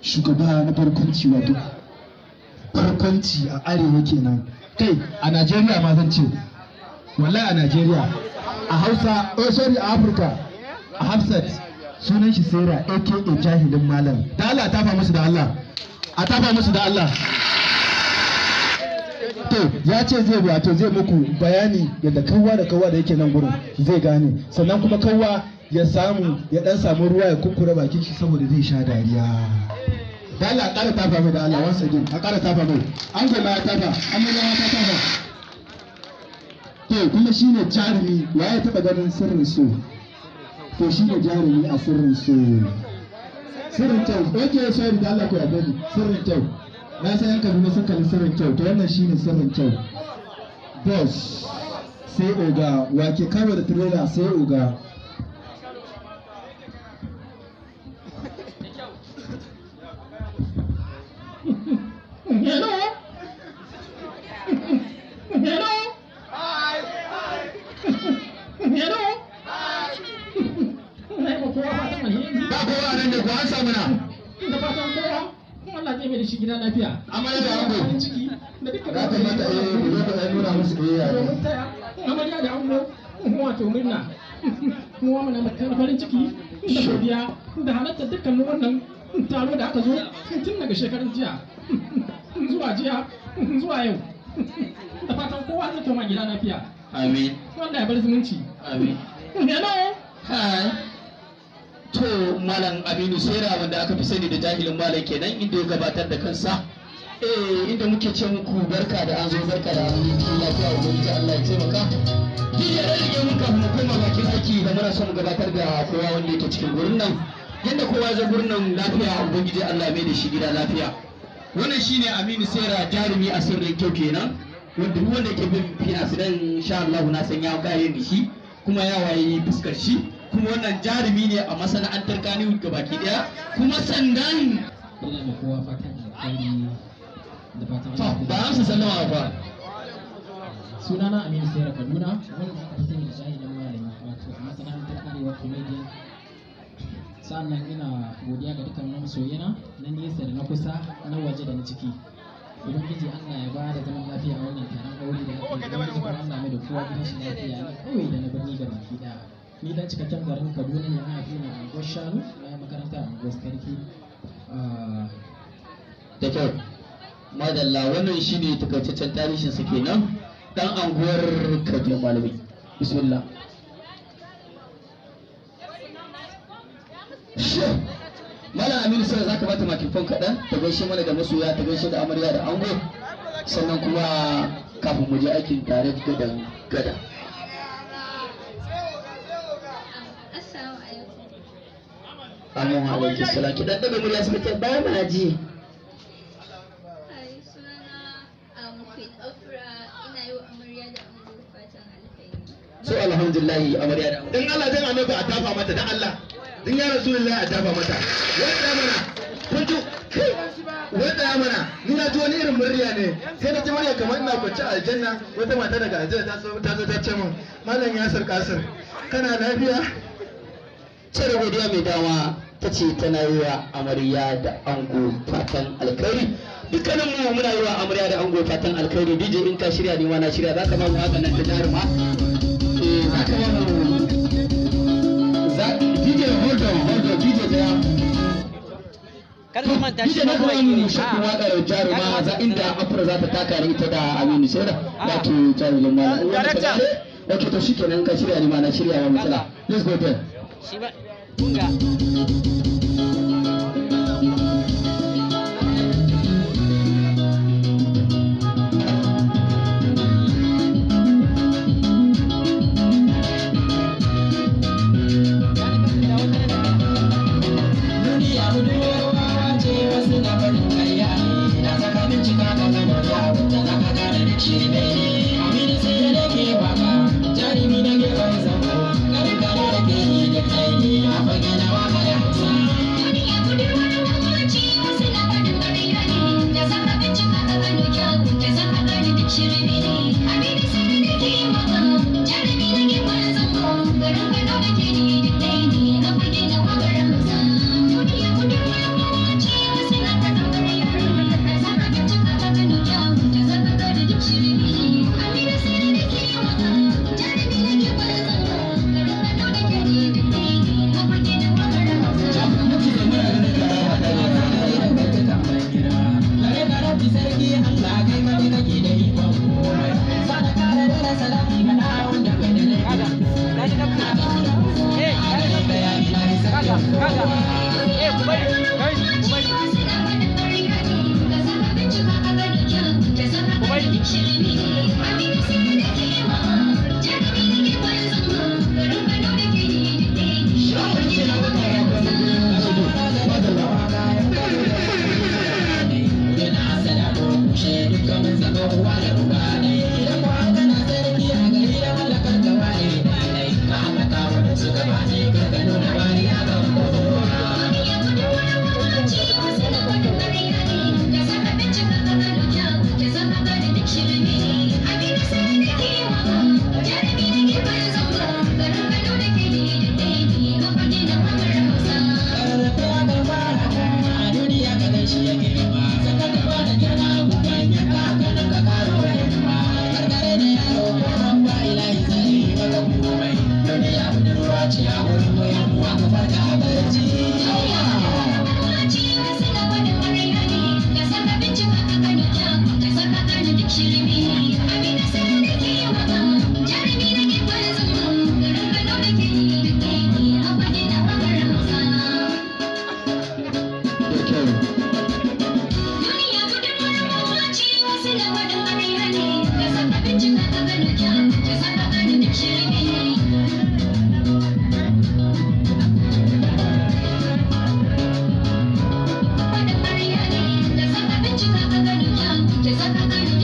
shugaba na barkwanci wato barkwanci a arewa kenan kai a najeriya ma zan ce wallahi a najeriya a hausa oh sorry a afirka a hafsat sunan shi sera aka jahilin malam da allah tafa musu da allah a tafa musu da allah to ya ce zai wato zai muku bayani yadda kawwa da kawwa da yake nan gurin zai gane sannan kuma kawwa ya samu ya dan samu ruwa ya kunkura bakin shi saboda zai sha dariya da Allah ƙara tafa mai da Allah once again a ƙara tafa mai an ga ma ya tafa an mai ya tafa to kuma shine jarumi ya ya taba ganin sirrin su to shine jarumi a sirrin su sirrin kyau okay sorry da Allah ko ya ni sirrin kyau na san yanka kuma sun kalli sirrin kyau to wannan shine sirrin kyau boss sai oga wake kama da trailer sai oga amarya da ango da duka ta mata eh ku zo ku nuna musu biyayya ne amarya da ango wato murna mu wa muna mutan farin ciki da godiya da halatta dukkan wannan taro da aka zo tun daga shekarun jiya zuwa jiya zuwa yau da fatan kowa zai koma gida lafiya amin wanda ya bar zumunci amin to malam aminu sai da aka fi sani da jahilin malam kenan inda ya gabatar da kansa eh inda muke ce muku barka da an zo barka da an yi lafiya ubangiji Allah ya taimaka jiya da rige mun mu koma bakin aiki da muna son gabatar da kowa wanda yake cikin gurin nan yadda kowa ya gurin nan lafiya ubangiji Allah mai da shi gida lafiya wannan shine Aminu Sera jarumi a sirrin kyau kenan wanda duk wanda ke bin fina dan insha Allah na san ya kare ni shi kuma ya waye fuskar shi kuma wannan jarumi ne a masana'antar Kaniwood gabaki daya kuma sandan Allah kowa fatan alkhairi sunana Aminu Sayar Kaduna wanda aka sani da shahi dan malami wato a masana'antar Arewa comedian sannan ina godiya ga dukkan wani masoyina na nesa da na kusa na waje da na ciki ubangiji Allah ya ba da zaman lafiya a wannan taron aure da aka yi kuma Allah mai da kowa gidan shi lafiya na kawai da na birni ga baki daya ni dan cikakken garin Kaduna ne na fi na Angon Shanu na makaranta a Angon Sarki ah, da kyau madalla wannan shine takaitaccen tarihin sa kenan dan anguwar Kaduna malami bismillah Mala Aminu sai zaka bata makifon kaɗan ta gaishe mana da masoya ta gaishe da amarya da ango sannan kuma kafin mu je aikin tare gadan gada. Assalamu alaikum salam ki dan daga murya suka ce ba ma ji. so alhamdulillah amarya da dan Allah dan annabi a tafa mata dan Allah dan ya rasulullah a tafa mata wanda mana kun ji wanda mana ni na ji wani irin murya ne sai na ji murya kamar ina kwance a aljanna wata mata daga aljanna ta zo ta ce min malam sar kasir kana lafiya cire godiya mai dama ta ce tana yi wa amarya da ango fatan alkhairi dukkanin mu muna yi wa amarya da ango fatan alkhairi dj in ka shirya ni ma na shirya za ka ba mu haka nan ta jaruma kar su shi ne kuma ne a wadar jaruma za inda afra za ta taka da ita da aminu sai da ne to ka shirya ne ma na shirya wa matsala let's go there shi ba Thank you. she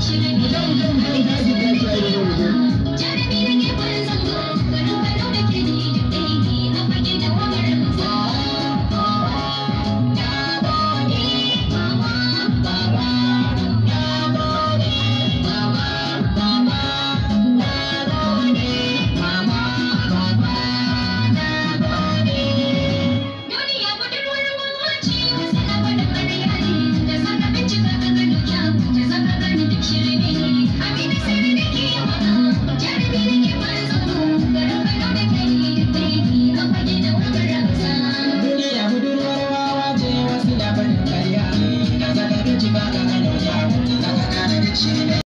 Thank you. Should I make